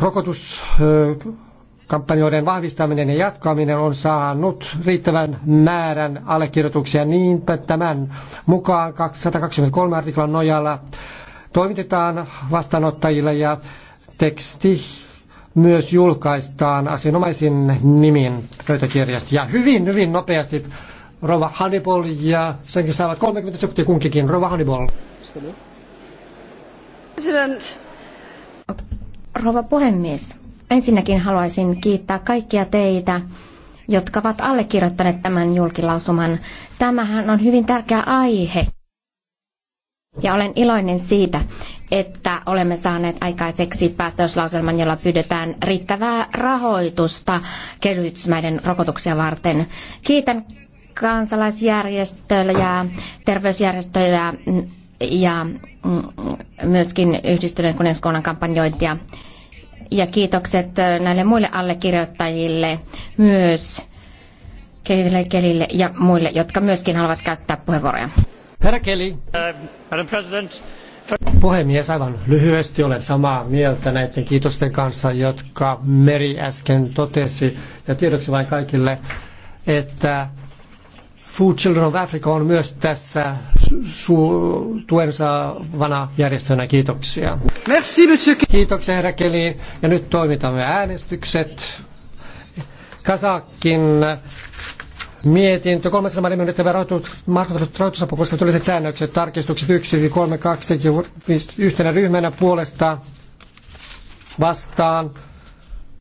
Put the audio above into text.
rokotuskampanjoiden vahvistaminen ja jatkaminen on saanut riittävän määrän allekirjoituksia. Niinpä tämän mukaan 223 artiklan nojalla toimitetaan vastaanottajille ja teksti myös julkaistaan asianomaisin nimin pöytäkirjasta. Ja hyvin, hyvin nopeasti Rova Hannibal ja senkin saavat 30 sekuntia kunkikin. Rova Hannibal. President rouva puhemies. Ensinnäkin haluaisin kiittää kaikkia teitä, jotka ovat allekirjoittaneet tämän julkilausuman. Tämähän on hyvin tärkeä aihe. Ja olen iloinen siitä, että olemme saaneet aikaiseksi päätöslauselman, jolla pyydetään riittävää rahoitusta kehitysmaiden rokotuksia varten. Kiitän kansalaisjärjestöjä terveysjärjestöjä ja mm, myöskin yhdistyneen kuningaskunnan kampanjointia ja kiitokset näille muille allekirjoittajille myös Kelille, Kelille ja muille, jotka myöskin haluavat käyttää puheenvuoroja. Herra Keli. Uh, Puhemies, aivan lyhyesti olen samaa mieltä näiden kiitosten kanssa, jotka Meri äsken totesi. Ja tiedoksi vain kaikille, että Food Children of Africa on myös tässä su- tuen saavana järjestönä. Kiitoksia. Merci, monsieur. Kiitoksia, herra Keli. Ja nyt toimitamme äänestykset. Kasakin mietintö. Kolmas ilman myönnettävä rahoitusapu koska yleiset säännökset, tarkistukset 1, 3, 2 yhtenä ryhmänä puolesta vastaan